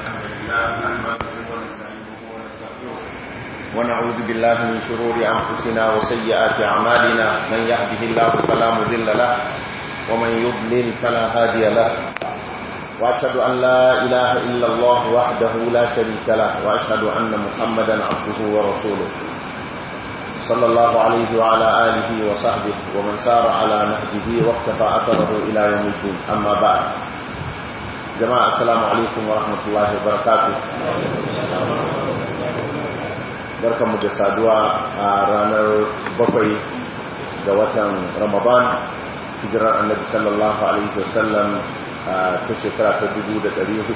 الحمد لله نحمده ونستعينه ونستغفره ونعوذ بالله من شرور أنفسنا وسيئات أعمالنا من يهده الله فلا مذل له ومن يضلل فلا هادي له وأشهد أن لا إله إلا الله وحده لا شريك له وأشهد أن محمدا عبده ورسوله صلى الله عليه وعلى آله وصحبه ومن سار على نهجه واقتفى أثره إلى يوم الدين أما بعد jama'a assalamu alaikum wa rahmatullahi wa barakatuh barkanmu da saduwa a ranar bakwai ga watan ramadan hijirar annabi sallallahu alaihi wasallam ta shekara ta 439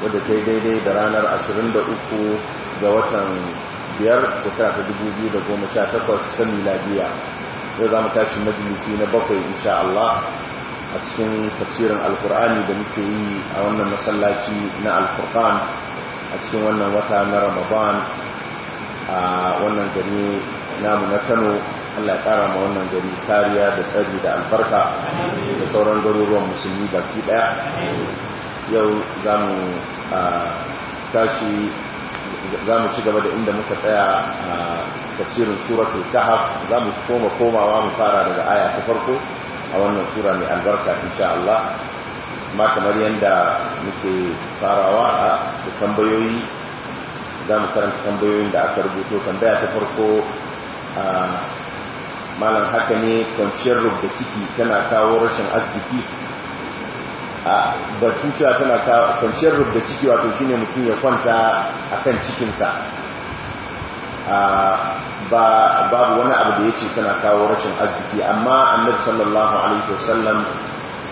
wadda ta yi daidai da ranar 23 ga watan 5 shekara ta 2018 ta miladiya yau za mu tashi majalisi na bakwai insha Allah a cikin tafsirin alkur'ani da muke yi a wannan masallaci na alkur'an a cikin wannan wata na ramadan a wannan gari namu na kano allah ya kara ma wannan gari kariya da tsari da albarka da sauran garuruwan musulmi baki daya yau za mu tashi za mu ci gaba da inda muka tsaya a tafsirin suratul kahf za mu koma komawa mu fara daga aya ta farko a wannan sura mai albarka insha Allah ma kamar yadda muke farawa a tambayoyi za mu karanta tambayoyin da aka rubuto tambaya ta farko a malam haka ne kwanciyar rubda ciki tana kawo rashin arziki a tana kawo kwanciyar rubda ciki wato shine mutum ya kwanta akan cikinsa babu wani abu da ya ce tana kawo rashin arziki amma annabi sallallahu alaihi wasallam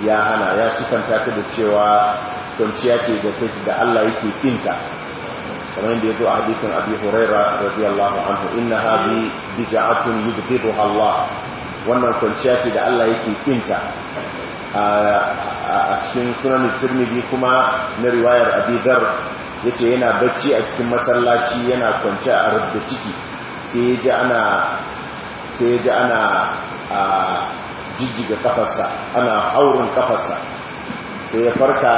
ya hana ya sukanta ta da cewa kwanciya ce da take da Allah yake kinta kamar yadda ya zo a hadithin abi huraira radiyallahu anhu inna hadi bija'atun yubghiduha Allah wannan kwanciya ce da Allah yake kinta a cikin sunan tirmidhi kuma na riwayar abi dar ya ce yana bacci a cikin masallaci yana kwanci a rubda ciki sai ya ji ana sai ya ana a jijjiga kafarsa ana auren kafarsa sai ya farka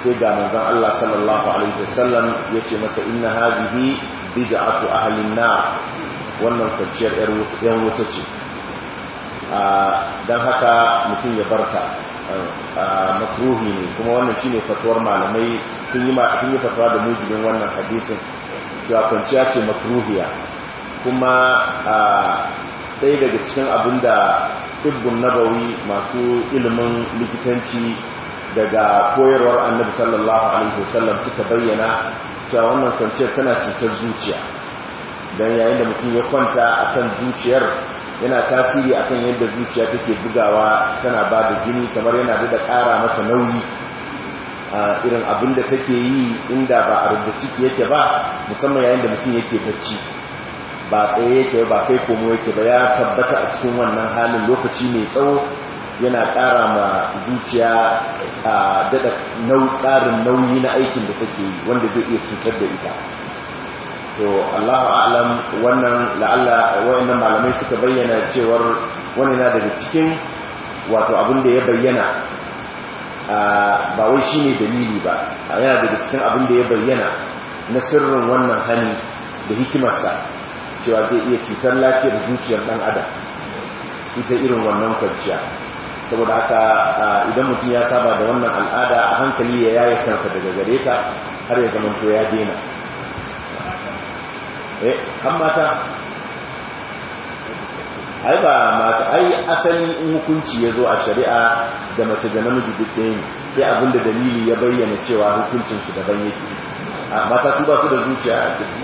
sai ga manzon Allah sallallahu alaihi wasallam ya ce masa inna hadhihi bid'atu ahlin na wannan kwanciyar yan wuta ce don haka mutum ya barta makruhi ne kuma wannan shine fatuwar malamai sun yi fatuwa da mujibin wannan hadisin cewa kwanciya ce makruhiya kuma ɗaya daga cikin abin da nabawi masu ilimin likitanci daga koyarwar annabi sallallahu alaihi wasallam suka bayyana cewa wannan kwanciyar tana cutar zuciya don yayin da mutum ya kwanta akan zuciyar yana tasiri akan yadda zuciya take bugawa tana ba da jini kamar yana da ƙara masa nauyi a irin abin da take yi inda ba a rubuta ciki yake ba musamman yayin da mutum yake bacci ba tsaye yake ba kai komo yake ba ya tabbata a cikin wannan halin lokaci mai tsawo yana ƙara ma zuciya a daɗa ƙarin nauyi na aikin da take yi wanda zai iya cutar da ita to Allahu a'lam wannan la'alla wayannan malamai suka bayyana cewar wani na daga cikin wato abin da ya bayyana ba wai shi ne dalili ba yana daga cikin abin da ya bayyana na sirrin wannan hani da hikimarsa cewa zai iya cutar lafiyar zuciyar dan adam ita irin wannan kwanciya saboda haka idan mutum ya saba da wannan al'ada a hankali ya yaye daga gare ta har ya zama to ya daina Eh, hammata mata ai ba mata ai asali in hukunci ya zo a shari'a da mace da namiji duk ɗaya ne sai abinda dalili ya bayyana cewa hukuncin su daban yake a mata su ba su da zuciya a kirji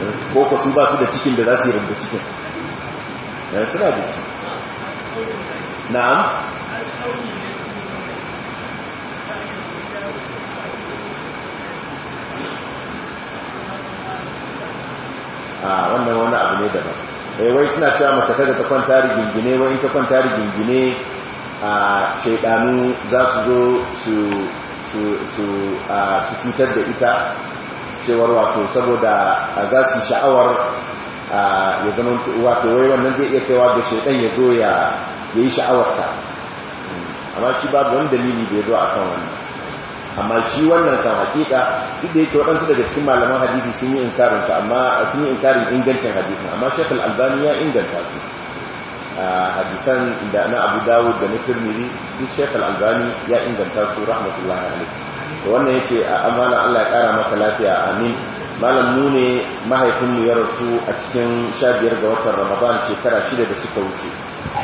eh, ko ko su ba su da cikin da za su yi rumbu cikin eh, suna da shi na'am a ah, wannan wani abu ne daban eh wai suna cewa mace kada ta kwanta rigingine wai in ta kwanta rigingine a shaidanu za su zo su cutar da ita cewar wato saboda za su sha'awar ya zama wato wai wannan zai iya kaiwa da shaidan ya zo ya yi sha'awarta hmm. amma shi babu wani dalili da ya zo akan wannan amma shi wannan kan hakika duk da yake waɗansu daga cikin malaman hadisi sun yi inkarin ta amma sun yi inkarin ingancin hadisin amma Sheikh Al-Albani ya inganta su hadisan da na Abu Dawud da na Tirmidhi duk Sheikh Al-Albani ya inganta su rahmatullahi alaihi to wannan yace amana Allah ya kara maka lafiya amin malam mu ne mahaifin mu ya rasu a cikin 15 ga watan Ramadan shekara 6 da suka wuce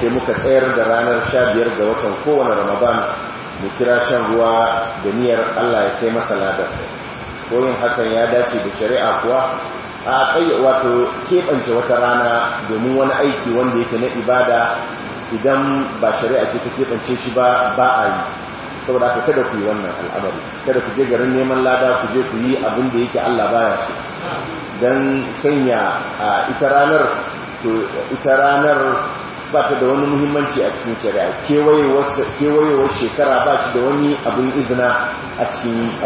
sai muka tsayar da ranar 15 ga watan kowane Ramadan da kira shan ruwa da niyyar Allah ya kai masa ladar ko yin hakan ya dace da shari'a kuwa a kai wato keɓance wata rana domin wani aiki wanda yake na ibada idan ba shari'a ce ta keɓance shi ba ba a yi saboda haka kada ku yi wannan al'amari kada ku je garin neman lada ku je ku yi abin da yake Allah baya so dan sanya ita ranar ita ranar ba ta da wani muhimmanci a cikin shari'a kewayewar shekara ba shi da wani abin izina a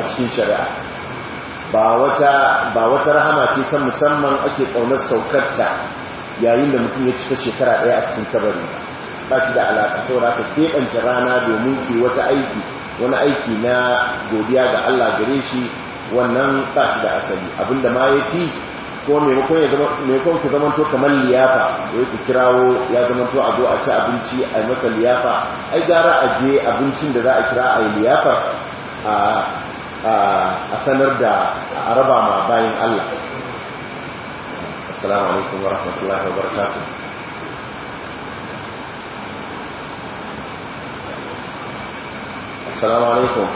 cikin shari'a ba wata rahama ce ta musamman ake ƙaunar saukarta yayin da mutum ya cika shekara ɗaya a cikin kabari ba shi da alaƙa saura ka keɓance rana domin ke wata aiki wani aiki na godiya ga Allah gare shi wannan ba shi da asali abinda ma ya fi ko maimakon ku to kamar liyafa da yake kirawo ya to a zo a ci abinci a masa liyafa ai gara a je abincin da za a kira a yi liyafar a sanar da a raba ma bayan Allah assalamu alaikum wa rahmatullahi wa barakatuh السلام عليكم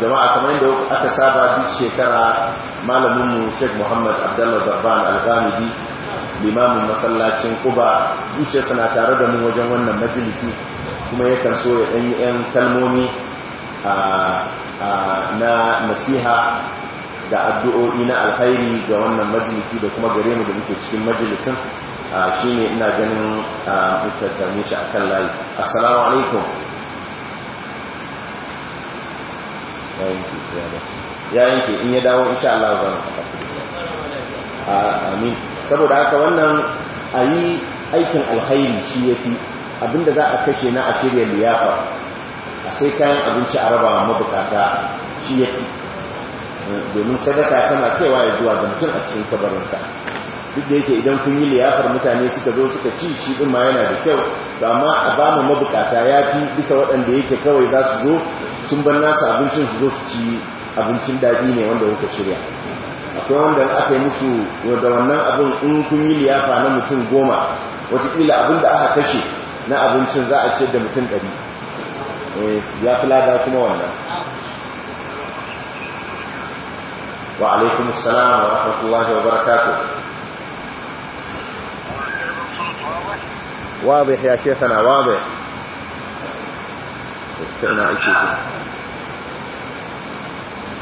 jama'a kamar yadda aka saba duk shekara malaminmu sheikh muhammad abdullah zarban al-ghamidi limamin masallacin kuba zuciya sana tare da mu wajen wannan majalisi kuma yakan so ya ɗanyi 'yan kalmomi na nasiha da addu'o'i na alkhairi ga wannan majalisi da kuma gare mu da muke cikin majalisin shine ina ganin mutane shi a kan layi assalamu alaikum yanke da ya yanke in ya dawo insha Allah za amin saboda haka wannan ayi aikin alkhairi shi yafi abinda za a kashe na a shirya liyafa a sai kayan abinci a rabawa mabukata shi yafi domin sadaka tana kaiwa ya zuwa ga mutum a cikin kabarinsa duk da yake idan kun yi liyafar mutane suka zo suka ci shi din ma yana da kyau to amma a ba mu mabukata ya fi bisa waɗanda yake kawai za su zo sun ban nasa abincin su zo su ci abincin daɗi ne wanda wuka shirya akwai wanda aka yi musu wadda wannan abin in kun yi liyafa na mutum goma watakila abin da aka kashe na abincin za a ce da mutum ɗari eh, ya fi lada kuma wannan wa alaikun salam wa rahmatullahi wa barakatu ya يا wa واضح فانا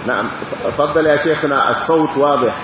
نعم تفضل يا شيخنا الصوت واضح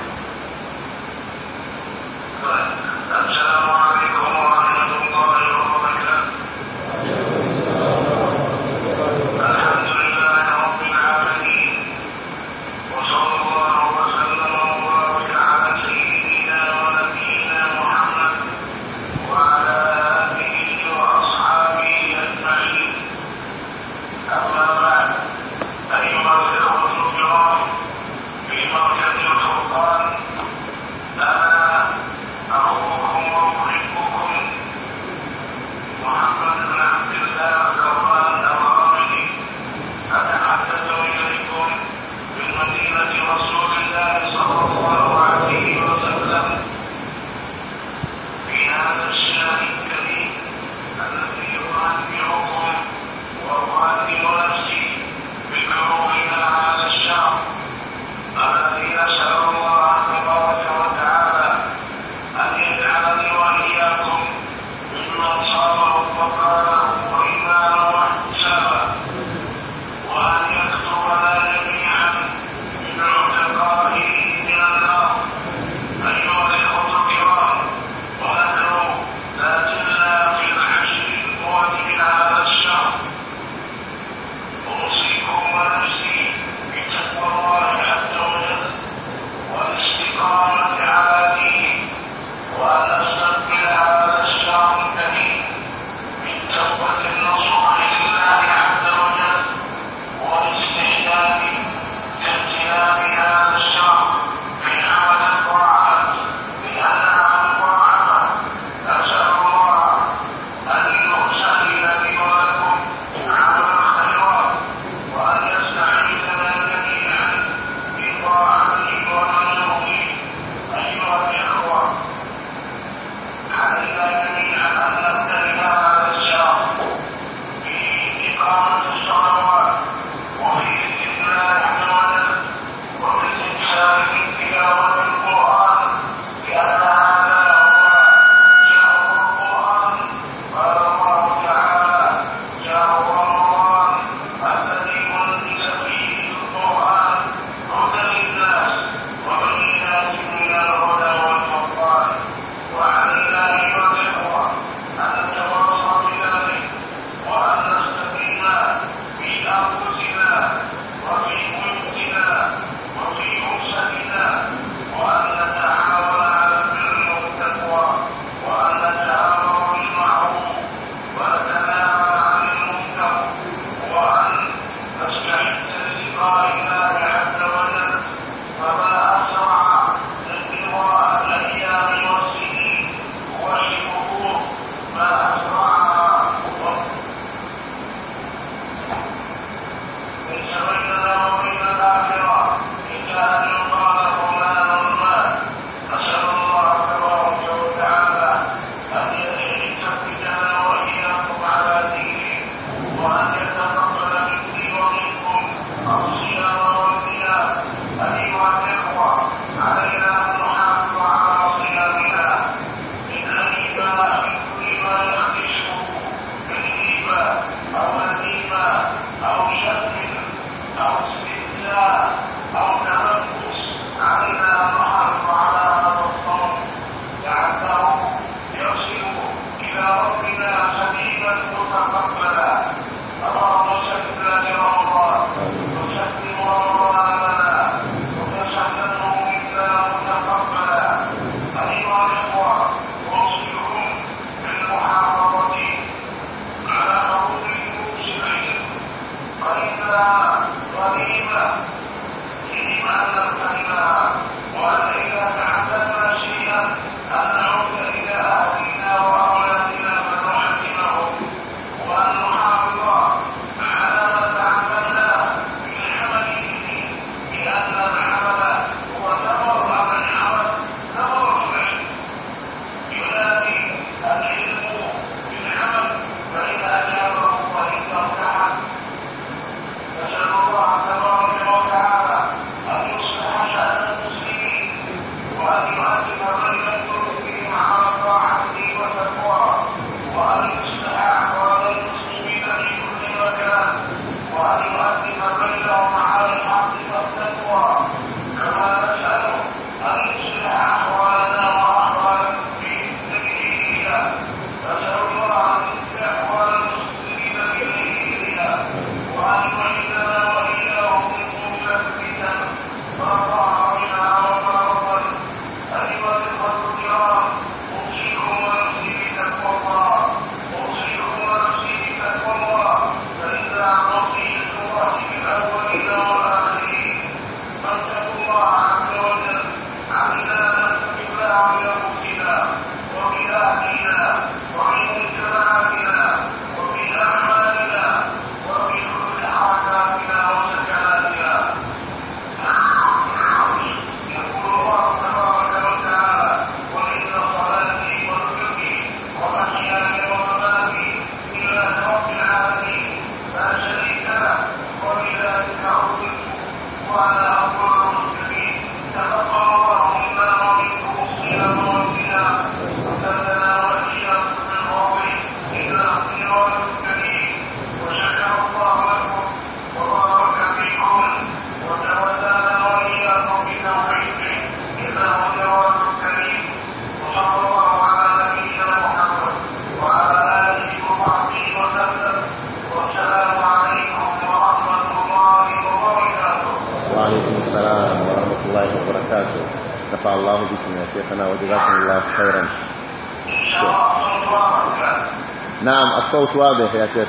الشيخ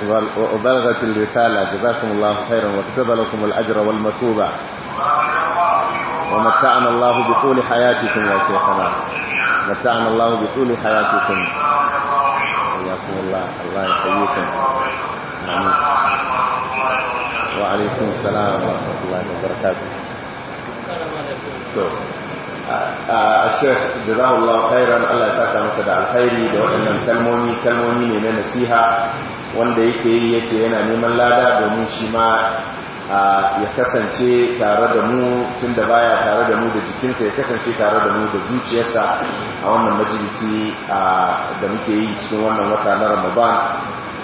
وبلغت الرسالة جزاكم الله خيرا وكتب لكم الأجر والمثوبة ومتعنا الله بطول حياتكم يا شيخنا متعنا الله بطول حياتكم حياكم الله الله يحييكم آمين وعليكم السلام ورحمة الله وبركاته طيب. آه، آه، الشيخ جزاه الله خيرا الله يسعدك متدع الخير da كلموني كلموني kalmomi ne wanda yake yi yace yana neman lada domin shi ma ya kasance tare da mu tun da baya tare da mu da jikinsa ya kasance tare da mu da zuciyarsa a wannan majalisi da muke yi cikin wannan wata na ramadan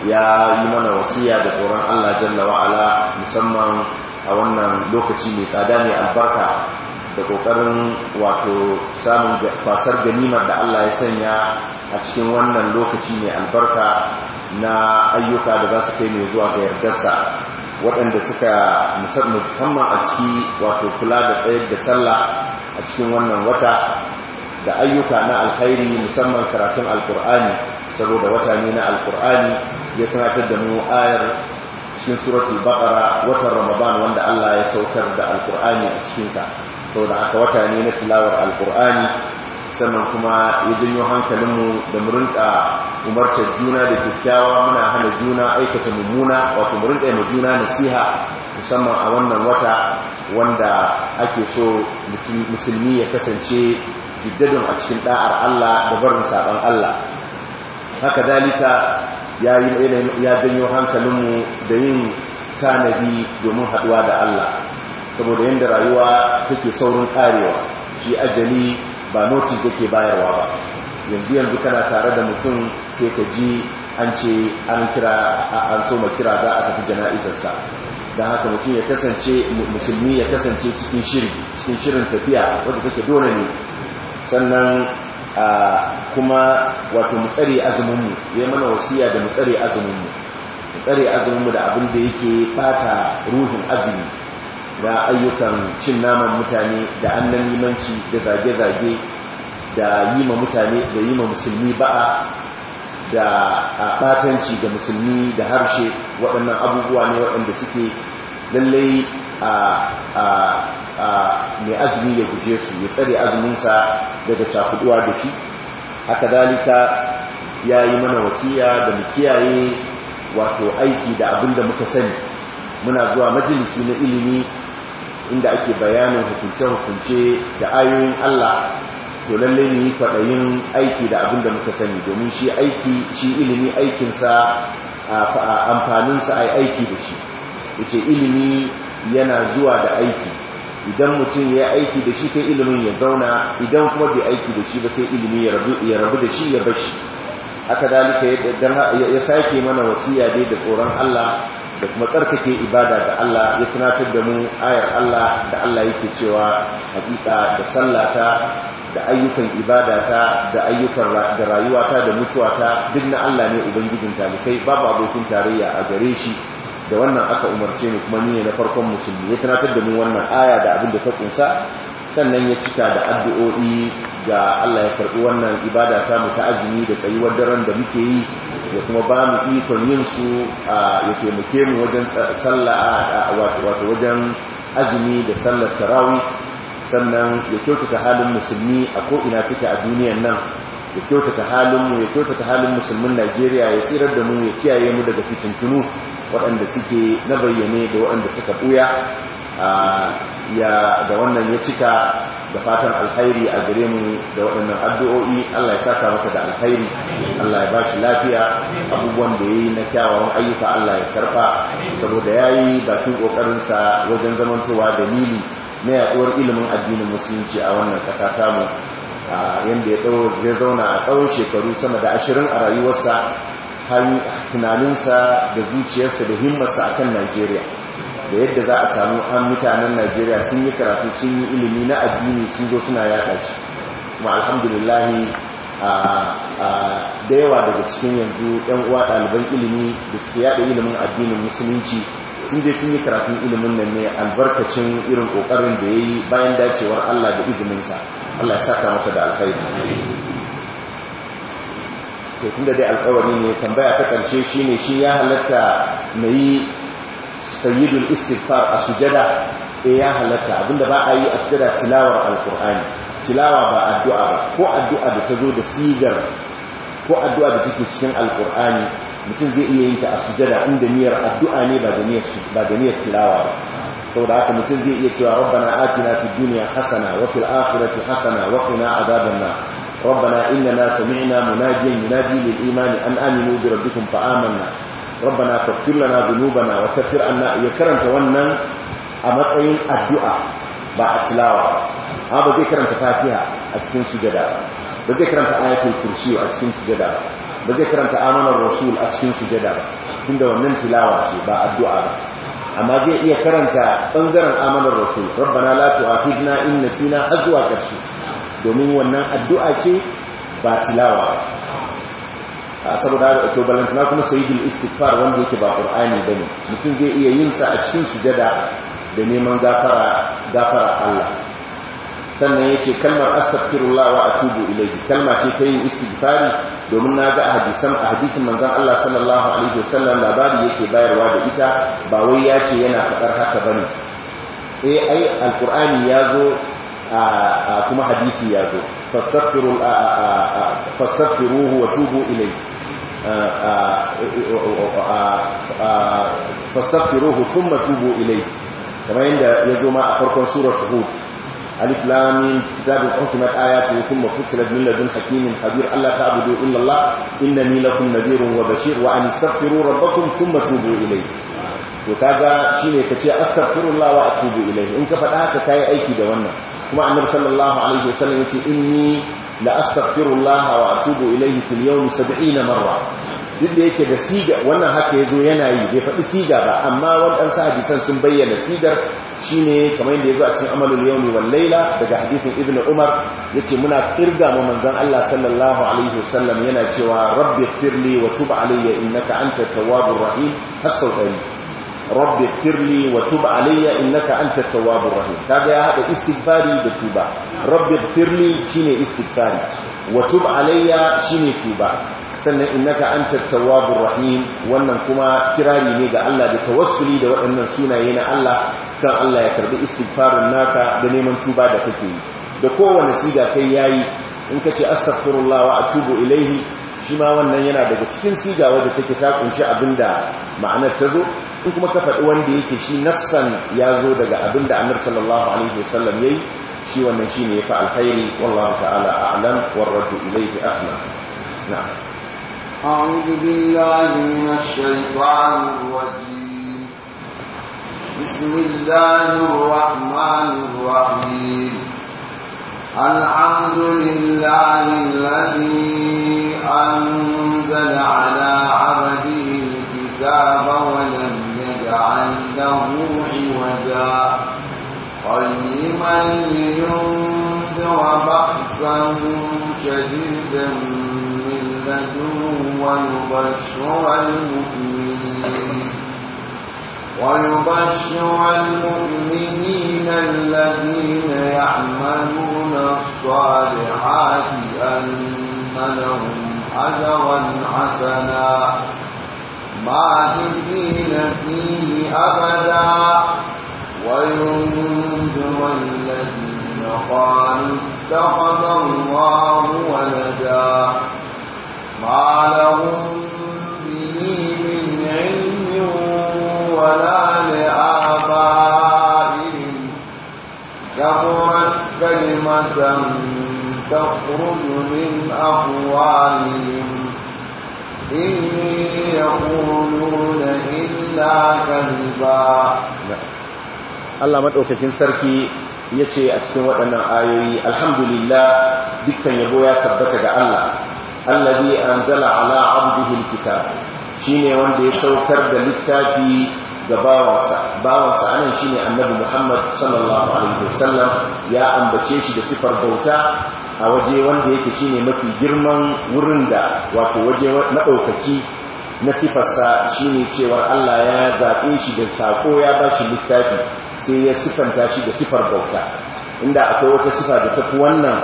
ya yi mana wasiya da tsoron allah jalla wa'ala musamman a wannan lokaci mai tsada mai albarka da kokarin wato samun kwasar ganimar da allah ya sanya a cikin wannan lokaci mai albarka na ayyuka da za su kai ne zuwa ga yardarsa waɗanda suka musamman a ciki wato kula da tsayar da sallah a cikin wannan wata da ayyuka na alkhairi musamman karatun alkur'ani saboda wata ne na alkur'ani ya tunatar da mu ayar cikin suratul baqara watan ramadan wanda Allah ya saukar da alkur'ani a cikinsa. sa saboda aka wata ne na tilawar alkur'ani sannan kuma ya janyo hankalinmu da murinka umartar juna da kyakkyawa muna hana juna aikata mummuna wato murinka yana juna na siha musamman a wannan wata wanda ake so musulmi ya kasance jiddadin a cikin da'ar Allah da barin saɓon Allah haka dalika ya janyo hankalinmu da yin tanadi domin haɗuwa da Allah saboda yadda rayuwa take saurin ƙarewa shi ajali ba noti yake bayarwa ba yanzu yanzu kana tare da mutum sai ka ji an ce an kira an so ma kira za a tafi jana'izarsa da haka mutum ya kasance musulmi ya kasance cikin shirin cikin shirin tafiya wadda take dole ne sannan kuma wato mutsari tsare azuminmu ya mana wasiya da mu tsare azuminmu mu da abin da yake fata ruhin azumi na ayyukan cin naman mutane da annan limanci da zage-zage da yi ma mutane da yi ma musulmi ba'a da batanci da musulmi da harshe waɗannan abubuwa ne waɗanda suke lallai a mai azumi ya guje su ya tsare azuminsa daga cakuduwa da shi haka dalika ya yi mana wasiya da mu kiyaye wato aiki da abin da muka sani muna zuwa majalisi na ilimi inda ake bayanin hukunce-hukunce da ayoyin Allah to lalle ne yi kwaɗayin aiki da abin da muka sani domin shi aiki shi ilimi aikinsa a amfaninsa a aiki da shi yace ilimi yana zuwa da aiki idan mutum ya aiki da shi sai ilimin ya zauna idan kuma bai aiki da shi ba sai ilimi ya rabu da shi ya bashi haka dalika ya sake mana wasiya dai da tsoron Allah da kuma tsarkake ibada da Allah ya tunatar da mu ayar Allah da Allah yake cewa hakika da sallata da ayyukan ibadata da ayyukan da rayuwata da mutuwata duk na Allah ne ubangijin talikai babu abokin tarayya a gare shi da wannan aka umarce mu kuma ni ne na farkon musulmi ya tunatar da mu wannan aya da abin da ta kunsa sannan ya cika da addu'o'i ga Allah ya karbi wannan ibada ta mu ta azumi da tsayuwar daren da muke yi ya kuma ba mu ikon yin su ya taimake mu wajen sallah wato wajen azumi da sallar tarawi sannan ya kyautata halin musulmi a ko'ina suke a duniyan nan ya kyautata halinmu ya kyautata halin musulmin najeriya ya tsirar da mu ya kiyaye mu daga fitintunu waɗanda suke na bayyane da waɗanda suka ɓuya ya da wannan ya cika da fatan alkhairi a gare mu da waɗannan addu'o'i Allah ya saka masa da alkhairi Allah ya bashi lafiya abubuwan da ya yi na kyawawan ayyuka Allah ya karba saboda yayi bakin kokarin wajen zamantowa dalili na yaduwar ilimin addinin musulunci a wannan kasa ta mu yanda ya dawo zai zauna a tsawon shekaru sama da ashirin a rayuwarsa har tunaninsa da zuciyarsa da himmarsa kan Najeriya da yadda za a samu an mutanen najeriya sun yi karatu sun yi ilimi na addini sun zo suna yaɗa shi kuma alhamdulillahi da yawa daga cikin yanzu ɗan uwa ɗaliban ilimi da suke yaɗa ilimin addinin musulunci sun je sun yi karatun ilimin nan ne albarkacin irin ƙoƙarin da ya yi bayan dacewar allah da izininsa allah ya saka masa da alkhairi to da dai alkawari ne tambaya ta ƙarshe shine shi ya halatta na sayyidul istighfar a sujada e ya halatta abinda ba a yi a sujada tilawar alkur'ani tilawa ba addu'a ba ko addu'a da zo da sigar ko addu'a da take cikin alkur'ani mutum zai iya yin ta a sujada inda niyyar addu'a ne ba da niyyar ba tilawa ba saboda haka mutum zai iya cewa rabbana atina fid dunya hasana wa fil akhirati hasana wa qina adhaban nar ربنا إننا سمعنا imani ينادي للإيمان أن آمنوا بربكم فآمنا rabbana تغفر لنا ذنوبنا وكفر عنا anna ya karanta wannan a matsayin addu'a ba a tilawa ha ba zai karanta fatiha a cikin sujada ba zai karanta ayatul kursi a cikin sujada ba zai karanta amanar rasul a cikin sujada ba tunda wannan tilawa ce ba addu'a ba amma zai iya karanta bangaren amanar rasul rabbana la tu'akhidna in nasina azwa kashi domin wannan addu'a ce ba tilawa saboda to na kuma sayyidul istighfar wanda yake ba qur'ani bane mutum zai iya yin sa a cikin sujada da neman gafara gafara Allah sannan yace kalmar astaghfirullah wa atubu ilayhi kalma ce ta yin istighfar domin na ga hadisan hadisin manzon Allah sallallahu alaihi wasallam labari yake bayarwa da ita ba wai ya ce yana fadar haka bane eh ai alqur'ani ya zo kuma hadisi ya zo fastaghfiru fastaghfiruhu wa tubu ilayhi fastaghfiruhu thumma tubu ilayhi kamar yadda ya zo ma a farkon surat hud alif lam mim kitabun hukimat ayatu thumma fussilat min ladun hakimin khabir alla ta'budu illa allah innani lakum nadhirun wa bashir wa an astaghfiru rabbakum thumma tubu ilayhi to kaga shine kace astaghfirullah wa atubu ilayhi in ka faɗa haka kai aiki da wannan kuma annabi sallallahu alaihi yace inni la astaghfirullaha wa atubu ilayhi fil yawmi 70 marra duk da yake da siga wannan haka yazo yana yi bai faɗi siga ba amma waɗansu hadisan sun bayyana sigar shine kamar yadda yazo a cikin amalul yawmi wal layla daga hadisin ibnu umar yace muna kirga mu manzon Allah sallallahu alaihi wasallam yana cewa rabbi firli wa tub alayya innaka antat tawwabur rahim hasau dari rabbi firli wa tub alayya innaka anta tawwabur rahim kaga ya hada istighfari da tuba rabbi firli shine istighfari wa tub alayya shine tuba sannan innaka anta tawwabur rahim wannan kuma kirari ne ga Allah da tawassuli da waɗannan sunaye na Allah kan Allah ya karbi istighfarin naka da neman tuba da kake yi da kowane siga kai yayi in kace astaghfirullah wa atubu ilayhi shi ma wannan yana daga cikin siga da take ta kunshi abinda ma'anar ta zo in kuma ka faɗi wanda yake shi nassan ya zo daga abin da annabi sallallahu alaihi wasallam yi shi wannan shi ne ya fa alkhairi wallahu ta'ala a'lam warraddu ilayhi asna na'am أعوذ بالله من الشيطان الرجيم بسم الله الرحمن الرحيم الحمد لله الذي أنزل على عبده الكتاب ولم عنده عوجا قيما لينذر بأسا شديدا من لدنه ويبشر المؤمنين ويبشر المؤمنين الذين يعملون الصالحات أن لهم أجرا حسنا ماهدين فيه أبدا وينذر الذين قالوا اتخذ الله ولدا ما لهم به من علم ولا لآبائهم كبرت كلمة تخرج من أقوالهم Allah maɗaukakin sarki ya ce a cikin waɗannan ayoyi alhamdulillah dukkan yabo ya tabbata ga Allah Allah an anzala ala abdihi shi ne wanda ya saukar da littafi ga bawansa bawansa anan shi ne annabi Muhammad sallallahu alaihi wasallam ya ambace shi da siffar bauta a waje wanda yake shi ne mafi girman wurin da wato waje na ɗaukaki na sifarsa ne cewar Allah ya zaɓe shi da saƙo ya ba shi littafi sai ya sifanta shi da sifar bauta inda akwai wata sifa da tafi wannan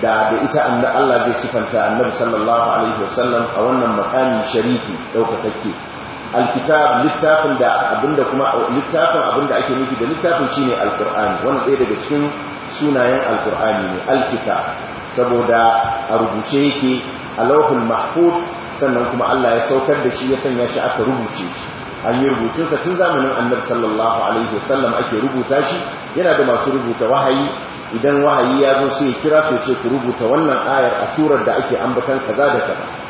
da da ita Allah zai sifanta annabi sallallahu alaihi wasallam a wannan makami sharifi ɗaukakakke alkitab littafin da abinda kuma littafin abinda ake nufi da littafin shine alqur'ani wannan ɗaya daga cikin sunayen alqur'ani ne alkitab saboda a rubuce yake a lauhul mahfuz sannan kuma Allah ya saukar da shi ya sanya shi aka rubuce shi an yi rubutunsa tun zamanin annabi sallallahu alaihi wasallam ake rubuta shi yana da masu rubuta wahayi idan wahayi ya zo sai kira sai ce ku rubuta wannan ayar a surar da ake ambatan kaza da kaza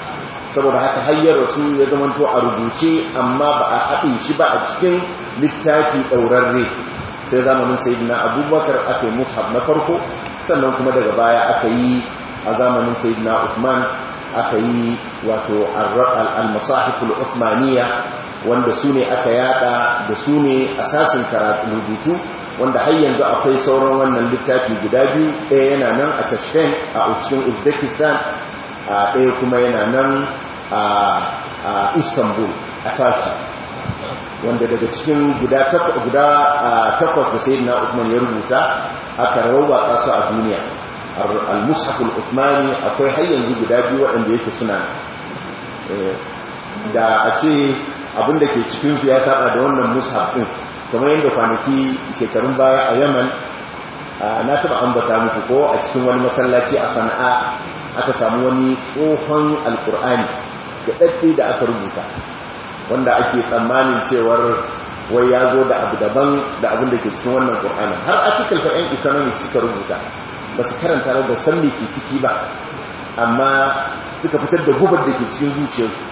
saboda haka hayyar wasu ya zamanto a rubuce amma ba a haɗe shi ba a cikin littafi ɗaurarre sai zamanin sayidina abubakar aka yi mushaf na farko sannan kuma daga baya aka yi a zamanin sayidina usman aka yi wato al-masahiful usmaniya wanda su ne aka yada da su ne asasin karatu rubutu wanda har yanzu akwai sauran wannan littafi guda biyu ɗaya yana nan a tashkent a cikin uzbekistan a ɗaya kuma yana nan a istanbul a turkey wanda daga cikin guda takwas da sai na usman ya rubuta aka rawa su a duniya al-mushaful usmani akwai har yanzu guda biyu waɗanda yake suna eh, da a ce abinda ke su ya saba da wannan mushafin kamar yadda kwanaki shekarun baya a yaman na taba ambata muku ko a cikin wani masallaci a sana'a aka samu wani tsohon alkur'ani daɗaɗɗe da aka rubuta wanda ake tsammanin cewar wai ya zo da abu daban da abin da ke cikin wannan ƙur'anin har article for yan economics suka rubuta ba su karanta ba san me ke ciki ba amma suka fitar da gubar da ke cikin zuciyarsu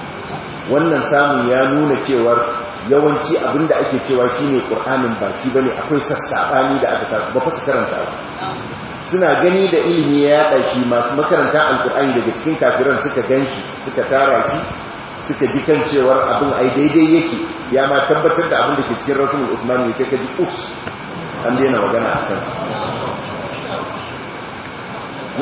wannan samun ya nuna cewar yawanci abin da ake cewa shi ne ƙur'anin ba shi ne akwai sassaɓani da aka ba fa karanta ba suna gani da ilimi ya yada shi masu makaranta alkur'ani daga cikin kafiran suka gan shi suka tara shi suka ji kan cewar abin ai daidai yake ya ma tabbatar da abin da ke cikin rasulun ya sai ka ji us an daina magana a kansa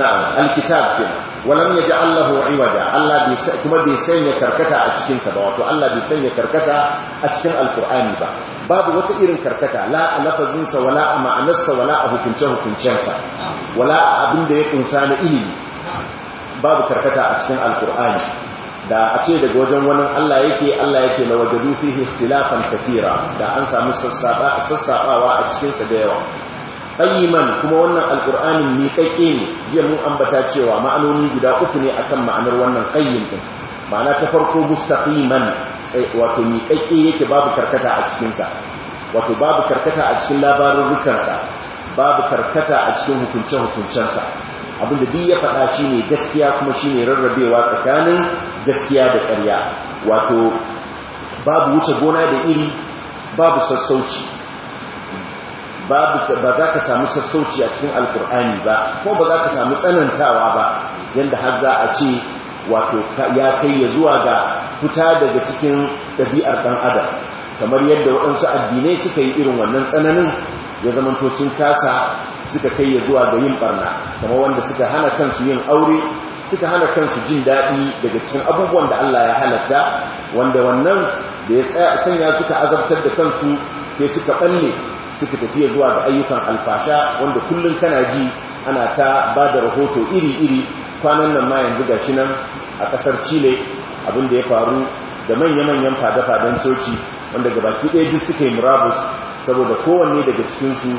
na'am alkitab ke. walam ya ji Allahu Allah bai kuma bai sanya karkata a cikinsa ba wato Allah bai sanya karkata a cikin alkur'ani ba babu wata irin karkata la a lafazinsa wala a ma'anarsa wala a hukunce-hukuncensa wala a abin da ya kunsa na ilimi babu karkata a cikin alkur'ani da a ce daga wajen wani Allah yake Allah yake na wajen rufi ikhtilafan kafira da an samu sassaɓawa a cikinsa da yawa Ayyiman kuma wannan alkur'anin miƙaƙe ne jiya mun ambata cewa ma'anoni guda uku ne akan ma'anar wannan qayyim ma'ana ta farko mustaqiman wato miƙaƙƙe yake babu karkata a cikinsa wato babu karkata a cikin labarurrukansa babu karkata a cikin hukunce-hukuncensa abinda duk ya faɗa shi ne gaskiya kuma shi ne rarrabewa tsakanin gaskiya da ƙarya wato babu wuce gona da iri babu sassauci ba za ka samu sassauci a cikin alkur'ani ba ko ba za ka samu tsanantawa ba yadda har za a ce wato ya kai ya zuwa ga fita daga cikin ɗabi'ar ɗan adam kamar yadda waɗansu addinai suka yi irin wannan tsananin ya zamanto sun kasa suka kai ya zuwa ga yin barna kamar wanda suka hana kansu yin aure suka hana kansu jin daɗi daga cikin abubuwan da Allah ya halatta wanda wannan da ya sanya suka azabtar da kansu sai suka ɓalle suka tafiya zuwa ga ayyukan alfasha wanda kullum kana ji ana ta ba da rahoto iri-iri kwanan nan ma yanzu shi nan a ƙasar chile abin da ya faru da manya-manyan fada-fadan coci wanda baki ɗaya duk suka yi murabus saboda kowanne daga cikinsu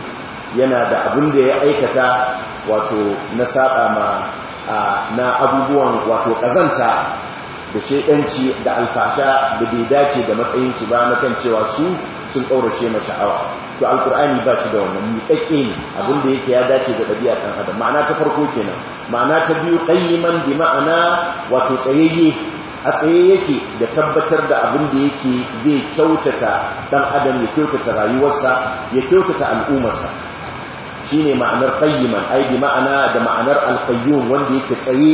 yana da abin da ya aikata wato na saba ma na abubuwan wato ƙazanta da shaidanci da alfasha da bai dace da matsayinsu ba na kan cewa su sun ɗaurace ma sha'awa to alkur'ani ba shi da wani miƙaƙe ne abin da yake ya dace da ɗabi'a ɗan adam ma'ana ta farko kenan ma'ana ta biyu ƙayyiman bi ma'ana wato tsayayye a tsaye yake da tabbatar da abin da yake zai kyautata dan adam ya kyautata rayuwarsa ya kyautata al'ummarsa shine ma'anar qayyiman ai bi ma'ana da ma'anar al-qayyum wanda yake tsaye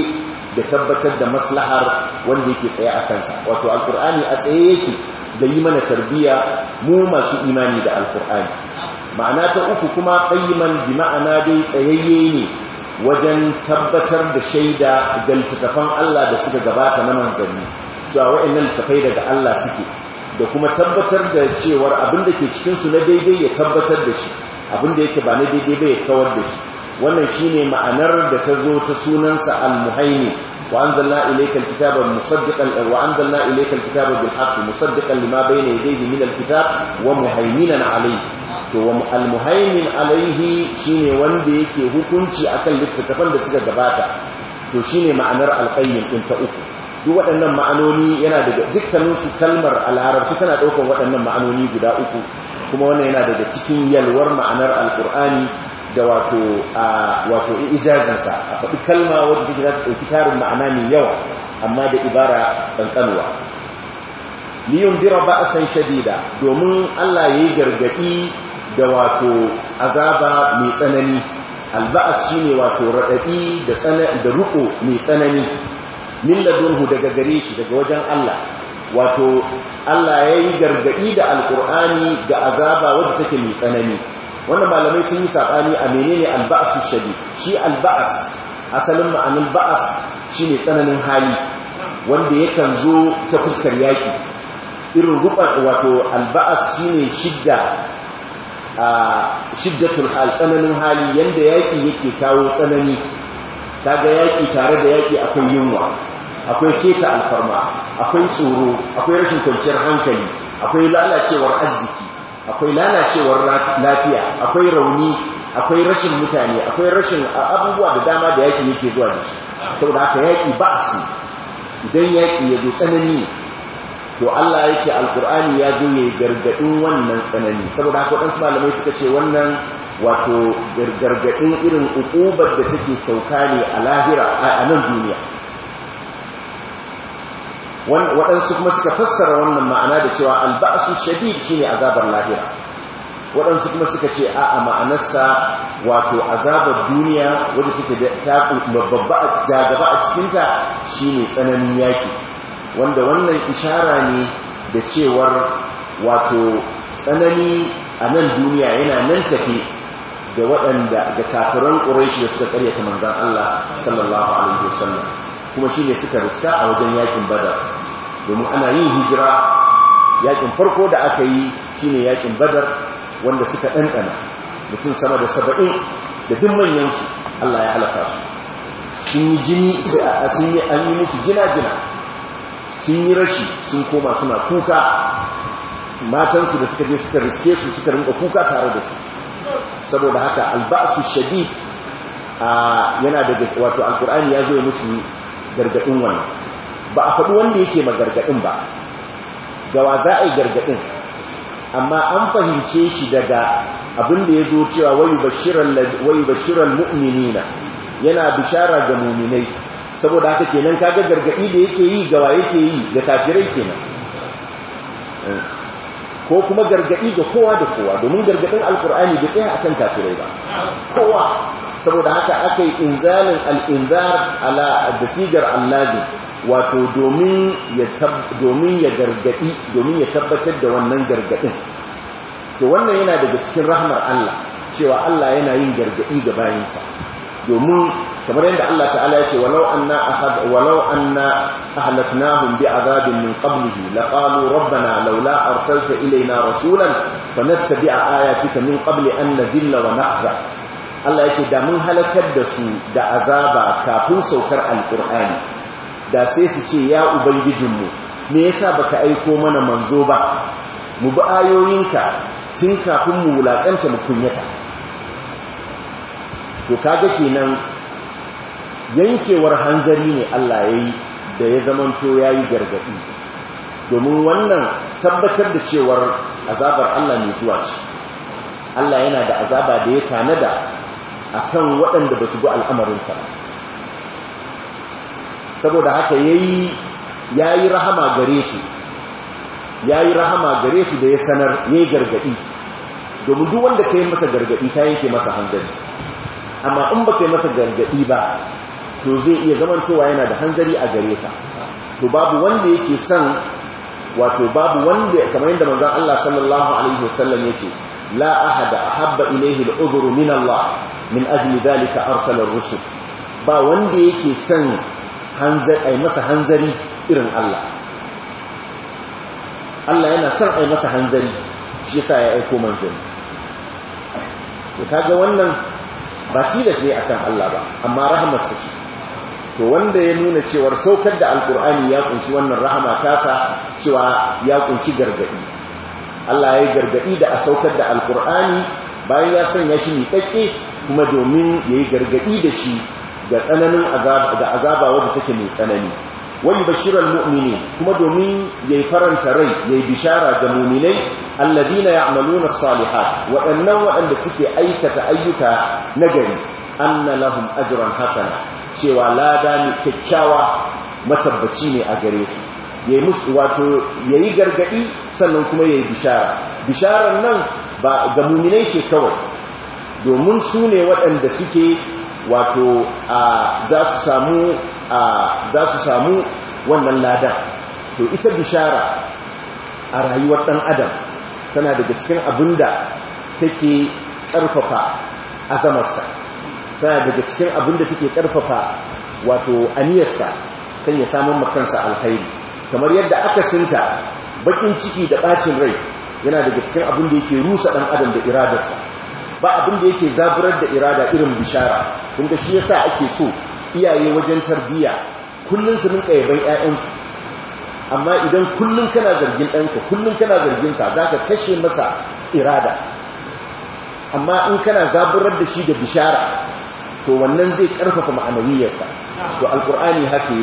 da tabbatar da maslahar wanda yake tsaye a kansa wato alqur'ani a tsaye yake da yi mana tarbiya mu masu imani da alqur'ani ma'ana ta uku kuma qayyiman bi ma'ana dai tsayayye ne wajen tabbatar da shaida ga littattafan Allah da suka gabata na manzanni cewa nan littattafai daga Allah suke da kuma tabbatar da cewar abin da ke cikinsu na daidai ya tabbatar da shi abin da yake ba na daidai ba ya kawar da shi wannan shine ma'anar da ta zo ta sunansa al-muhaimi wa an ilayka al-kitaba musaddiqan wa anzalna ilayka al-kitaba bil musaddiqan lima bayna yadayhi min al-kitab wa muhaiminan alayhi to al-muhaimin alaihi shine wanda yake hukunci akan littattafan da suka gabata to shine ma'anar al-qayyim din ta uku duk waɗannan ma'anoni yana daga dukkanin su kalmar al-arabci tana daukar waɗannan ma'anoni guda uku kuma wannan yana daga cikin yalwar ma'anar al da wato wato ijazin sa a faɗi kalma wanda take da dauki tarin ma'ana mai yawa amma da ibara kankanwa liyum dira ba'san shadida domin Allah yayi gargadi da wato azaba mai tsanani alba'as shi ne wato raɗaɗi da ruko mai tsanani milladunhu daga gare shi daga wajen Allah wato Allah ya yi gargaɗi da alƙur'ani ga azaba wadda take mai tsanani wannan malamai sun yi saɓani a menene su shaɗi shi alba'as asalin ma'anin ba'as shi ne tsananin hali wanda yakan zo ta fuskar yaƙi irin ruɓar wato alba'as shi ne shidda a shiddatul hal tsananin hali yanda yaƙi yake kawo tsanani kaga yaƙi tare da yaƙi akwai yunwa akwai keta alfarma akwai tsoro akwai rashin kwanciyar hankali akwai lalacewar arziki akwai lalacewar lafiya akwai rauni akwai rashin mutane akwai rashin abubuwa da dama da yaƙi yake zuwa da shi saboda haka yaƙi ba su idan yaƙi ya zo tsanani to Allah ya ce alkur'ani ya zo ya gargaɗin wannan tsanani saboda haka waɗansu malamai suka ce wannan wato gargaɗin irin ukubar da take sauka ne a lahira a nan duniya waɗansu kuma suka fassara wannan ma'ana da cewa alba'asu shi ne azabar lahira waɗansu kuma suka ce a a ma'anarsa wato azabar duniya wadda take da ta babba a jagaba a cikinta shine tsananin yaki wanda wannan ishara ne da cewar wato tsanani a nan duniya yana nan tafi ga waɗanda ga kafiran ƙuraishi da suka karyata manzan Allah sallallahu alaihi wasallam kuma shi ne suka riska a wajen yakin badar domin ana yin hijira yakin farko da aka yi shi ne yakin badar wanda suka ɗanɗana mutum sama da saba'in da duk manyansu Allah ya halaka su sun yi jini an yi musu jina-jina sun yi rashi sun koma suna kuka matansu da suka je suka riske su suka rinka kuka tare da su saboda haka albasu a yana da wato alkur'ani ya zo musu gargadin wani ba a faɗi wanda yake ma gargadin ba gawa za a yi gargadin amma an fahimce shi daga abin da ya zo cewa wayu bashirar mu'minina yana bishara ga muminai saboda haka kenan kaga gargaɗi da yake yi gawa yake yi ga kafirai kenan eh. ko kuma gargaɗi ga kowa da kowa domin gargadin alkur'ani da tsaya akan kafirai ba kowa saboda haka aka yi inzalin al'inzar ala da sigar allazi wato domin ya domin ya tabbatar da wannan gargaɗin, to wannan yana daga cikin rahmar Allah cewa Allah yana yin gargaɗi ga bayansa domin kamar yadda Allah ta'ala yace walau anna ahad walau anna ahlaknahum bi'adabin min qablihi laqalu rabbana laula arsalta ilayna rasulan fanattabi'a ayatika min qabli an nadilla wa nahza Allah yace da mun halakar da su da azaba kafin saukar alqur'ani da sai su ce ya ubangijinmu me yasa baka aiko mana manzo ba mu bi ayoyinka tun kafin mu wulakanta mu kunyata to kaga kenan yankewar hanzari ne Allah ya yi da ya zamanto ya yi gargaɗi domin wannan tabbatar da cewar azabar Allah mai zuwa ce Allah yana da azaba da ya da a kan waɗanda ba su bi al'amarinsa saboda haka ya yi rahama gare su ya yi rahama gare su da ya sanar ya yi gargaɗi domin duk wanda ka yi masa gargaɗi ta yanke masa hanzari amma in ba ka yi masa gargaɗi ba to zai iya zamantowa yana da hanzari a gare ta, to babu wanda yake son wato babu wanda kamar yadda manzon Allah sallallahu alaihi wasallam yace la ahada ahabba ilayhi al-udhru min Allah min ajli dhalika arsala ar-rusul ba wanda yake son hanzari masa hanzari irin Allah Allah yana son ai masa hanzari shi yasa ya aika manzon to kaga wannan ba tilas ne akan Allah ba amma rahamarsa ce to wanda ya nuna cewar saukar da alkur'ani ya kunshi wannan rahama tasa cewa ya kunshi gargadi Allah ya gargadi da a saukar da alkur'ani bayan ya sanya shi miƙaƙe kuma domin ya yi gargadi da shi ga tsananin ga azaba wadda take mai tsanani wani bashirar mu'mini kuma domin ya yi faranta rai ya yi bishara ga muminai alladina ya amaluna salihat waɗannan waɗanda suke aikata ayyuka nagari an na lahun ajiran hasana cewa lada ne kyakkyawa matabbaci ne a gare su ya yi musu wato ya yi gargaɗi sannan kuma ya yi bishara bisharar nan ba ga mu'minai ce kawai domin su ne waɗanda suke wato za su samu za su samu wannan ladan to ita bishara a rayuwar ɗan adam tana daga cikin abinda take ƙarfafa azamarsa tana daga cikin abin da take karfafa wato aniyarsa kan ya samu makansa alkhairi kamar yadda aka sinta bakin ciki da bacin rai yana daga cikin abin da yake rusa dan adam da iradarsa ba abin da yake zaburar da irada irin bishara kun ga shi yasa ake so iyaye wajen tarbiyya kullun su rinka yaban ƴaƴansu amma idan kullun kana zargin ɗanka kullun kana zargin sa zaka kashe masa irada amma in kana zaburar da shi da bishara to wannan zai karfafa ma'anawiyarsa to alkur'ani haka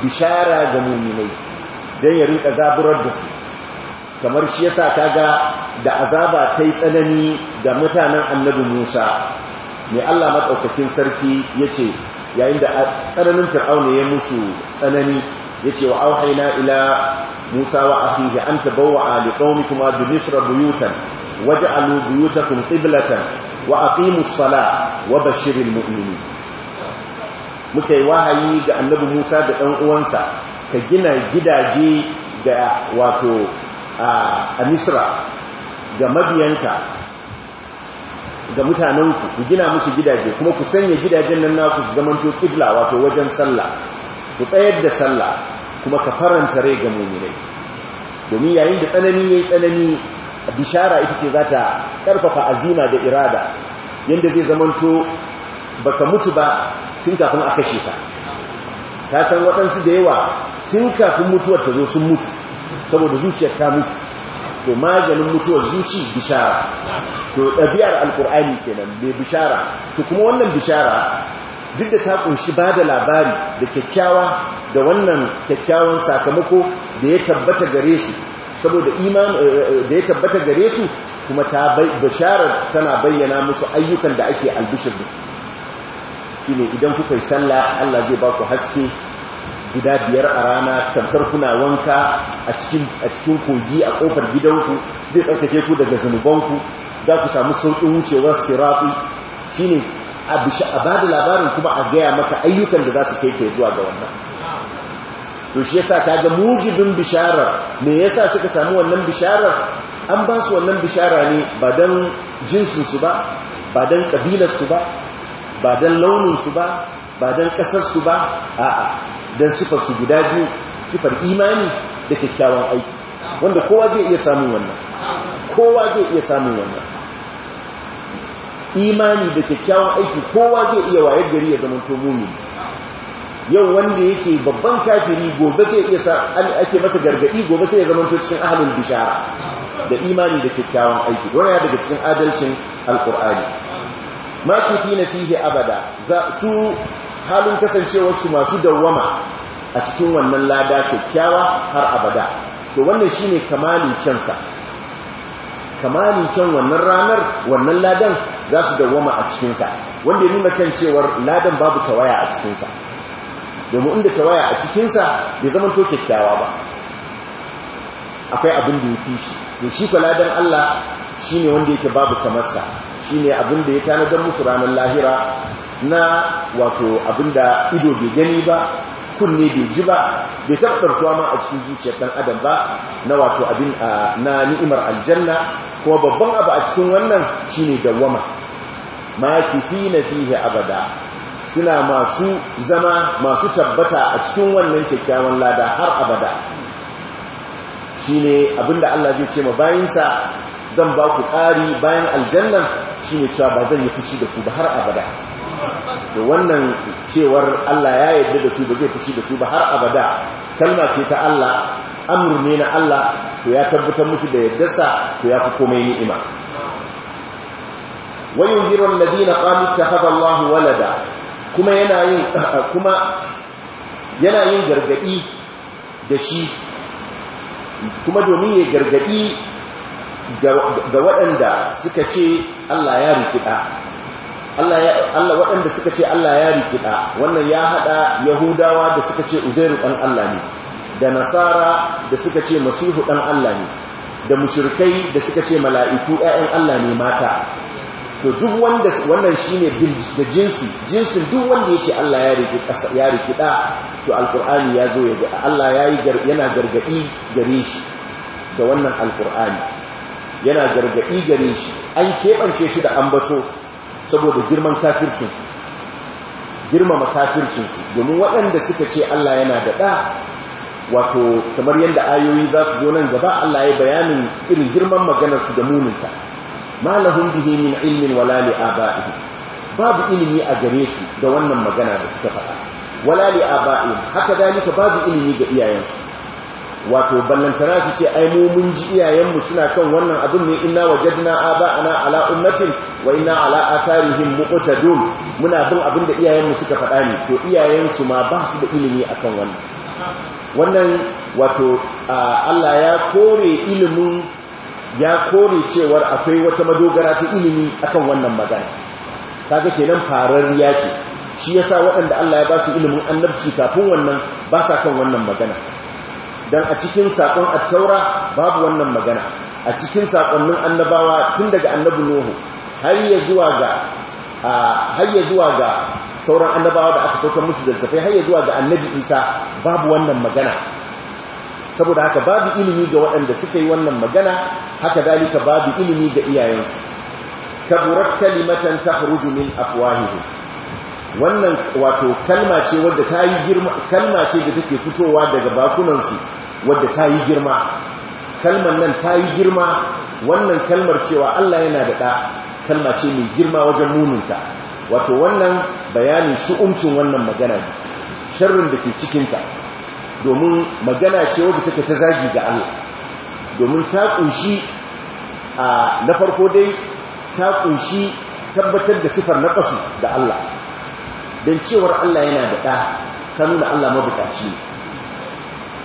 bishara ga muminai dan ya rinka zaburar da su kamar shi yasa kaga da azaba tai tsanani ga mutanen annabi Musa ne Allah madaukakin sarki yace yayin da tsananin fir'auna ya musu tsanani yace wa auhayna ila Musa wa akhihi an tabawwa li qaumikuma bi misra buyutan waj'alu buyutakum qiblatan wa aqimus wa Bashirin mu'minin muka yi wahayi ga annabi Musa da ɗan uwansa ka gina gidaje ga wato ga mabiyanka ga mutanenku ku gina musu gidaje kuma ku sanya gidajen nan naku su zamanto kibla wato wajen sallah ku tsayar da sallah kuma ka faranta rai ga muminai domin yayin da tsanani yayi tsanani bishara ita ce za ta karfafa azima da irada yadda zai zamanto ka mutu ba tun kafin aka kashe ka ta san waɗansu da yawa tun kafin mutuwar ta zo sun mutu saboda zuciyar ta mutu to maganin mutuwar zuci bishara to ɗabi'ar alkur'ani kenan mai bishara to kuma wannan bishara duk da ta ƙunshi ba da labari da kyakkyawa da wannan kyakkyawan sakamako da ya tabbata gare shi saboda iman eh, eh, eh, da ya tabbata gare su kuma ta basharar tana bayyana musu ayyukan da ake albishir da su ne idan kuka yi sallah Allah zai ba ku haske guda biyar a rana tamtar kuna wanka a cikin kogi a kofar gidanku zai tsarkake ku daga zanubanku za ku samu sauƙin wucewar sirafi shine a ba labarin kuma a gaya maka ayyukan da za su kai ke zuwa ga wannan to shi yasa kaga mujibin bisharar me yasa suka samu wannan bisharar an ba su wannan bishara ne ba dan jinsin su ba ba dan kabilar su ba ba dan launin su ba ba dan kasar su ba a'a dan sifar su guda biyu sifar imani da kyakkyawan aiki wanda kowa zai iya samun wannan kowa zai iya samun wannan imani da kyakkyawan aiki kowa zai iya wayar gari ya zama to mumini yau wanda yake babban kafiri gobe zai iya sa ake masa gargadi gobe sai ya zama cikin ahlul bishara da imani da kyakkyawan aiki wannan ya daga cikin adalcin alqur'ani ma na fihi abada za su halin kasancewar su masu dawwama a cikin wannan lada kyakkyawa har abada to wannan shine kamalin kansa kamalin kan wannan ranar wannan ladan za su dawwama a cikin sa. wanda ya nuna kan cewar ladan babu tawaya a cikin sa. domin inda waya a cikinsa bai zama to kyakkyawa ba akwai abin da ya fi shi to shi kwaladan Allah shi ne wanda yake babu kamarsa shi ne abin da ya tanadar musu ranar lahira na wato abin da ido bai gani ba kunne bai ji ba bai tabbatar suwa ma a cikin zuciyar ɗan adam ba na wato abin na ni'imar aljanna kuma babban abu a cikin wannan shi shine dawwama ma fi na fihe abada suna masu zama masu tabbata a cikin wannan kyakkyawan lada har abada Shi ne abinda Allah zai ce ma bayinsa zan ba ku ƙari bayan aljannan ne cewa ba zan yi fushi da ku ba har abada da wannan cewar Allah ya yarda da su ba zai fushi da su ba har abada kalma ce ta Allah amur ne na Allah to ya tabbatar musu da yardarsa to ya fi komai ni'ima وينذر الذين ta haɗa Allah walada kuma yana yin kuma yana yin gargadi da shi kuma domin ya gargadi ga waɗanda suka ce Allah ya rikida Allah ya waɗanda suka ce Allah ya rikida wannan ya hada Yahudawa da suka ce Uzairu ɗan Allah ne da Nasara da suka ce Masihu ɗan Allah ne da mushrikai da suka ce mala'iku ‘ya'yan Allah ne mata to duk wanda wannan shine da jinsi jinsin duk wanda yace Allah ya ce kasa ya riki da to alqur'ani ya zo ya ga Allah yayi yana gargadi gare shi da wannan alqur'ani yana gargadi gare shi an keɓance shi da ambato saboda girman kafircin su girmama kafircin su domin waɗanda suka ce Allah yana da da wato kamar yadda ayoyi za su zo nan gaba Allah ya bayanin irin girman maganar su da muninta ma lahum bihi min ilmin wala li aba'ihim babu ilimi a gare su da wannan magana da suka faɗa wala li aba'ihim haka dalika babu ilimi ga iyayensu wato ballantana su ce ai mu mun ji iyayenmu suna kan wannan abin ne inna wajadna aba'ana ala ummatin wa inna ala atharihim muqtadun muna bin abin da iyayenmu suka faɗa ne to iyayensu ma ba su da ilimi akan wannan wannan wato Allah ya kore ilimin ya kore cewar akwai wata madogara ta ilimi akan wannan magana kaga kenan ya ce shi yasa waɗanda Allah ya ba su ilimin annabci kafin wannan ba sa kan wannan magana dan a cikin sakon at-taura babu wannan magana a cikin sakonnin annabawa tun daga annabi nuhu har ya zuwa ga sauran annabawa da aka sauka musu da tafai har ya zuwa ga annabi isa babu wannan magana saboda haka babu ilimi ga waɗanda suka yi wannan magana haka dalika babu ilimi ga iyayensu kaburat kalimatan tahruju min afwahihim wannan wato kalma ce wadda ta yi girma kalma ce da take fitowa daga bakunansu wadda ta yi girma kalman nan ta yi girma wannan kalmar cewa Allah yana da ɗa kalma ce mai girma wajen muninta wato wannan bayanin shi'umcin wannan magana sharrin da ke cikinta domin magana ce wadda take ta zagi ga Allah domin ta kunshi a na farko dai ta kunshi tabbatar da sifar kasu da Allah don cewar Allah yana da ɗa ta nuna Allah mabukaci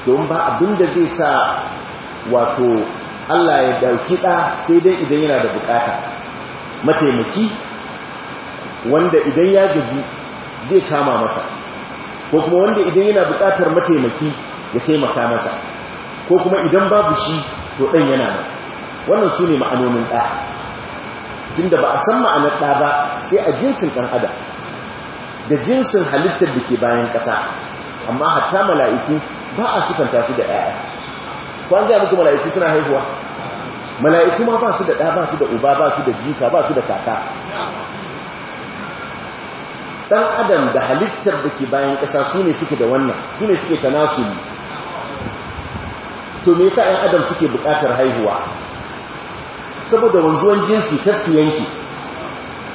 domin ba abinda zai sa wato Allah ya dauki ɗa sai dai idan yana da bukata mataimaki wanda idan ya gaji zai kama masa ko kuma wanda idan yana bukatar mataimaki ya taimaka masa ko kuma idan babu shi to ɗan yana nan wannan su ne ma'anonin ɗa Tunda da ba a san ma'anar ɗa ba sai a jinsin ɗan adam da jinsin halittar da ke bayan ƙasa amma hatta mala'iku ba a kanta su da ‘ya'ya kwan gaya muku mala'iku suna haihuwa mala'iku ma ba su da ɗa ba su da uba ba su da jika ba su da kaka dan adam da halittar da ke bayan ƙasa su ne suke da wannan su ne suke tanasuli to me yasa ɗan adam suke buƙatar haihuwa saboda wanzuwan jinsi kar su yanki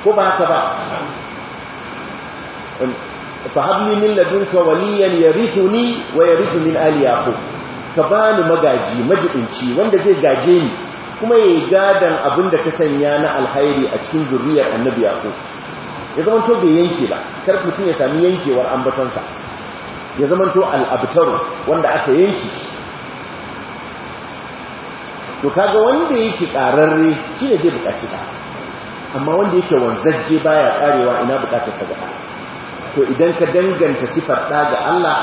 ko ba haka ba fa habli min ladunka waliyan yarithuni wa yarithu min ali yaqub ka bani magaji majibinci wanda zai gaje ni kuma yayi gadan abinda ka sanya na alkhairi a cikin zuriyar annabi yaqub ya zamanto bai yanke ba kar mutum ya sami yankewar ambatonsa ya zamanto al'abtaru wanda aka yanke shi to kaga wanda yake ƙararre shi ne zai buƙaci ka amma wanda yake wanzajje baya karewa ina buƙatarsa ga to idan ka danganta sifar ɗa ga Allah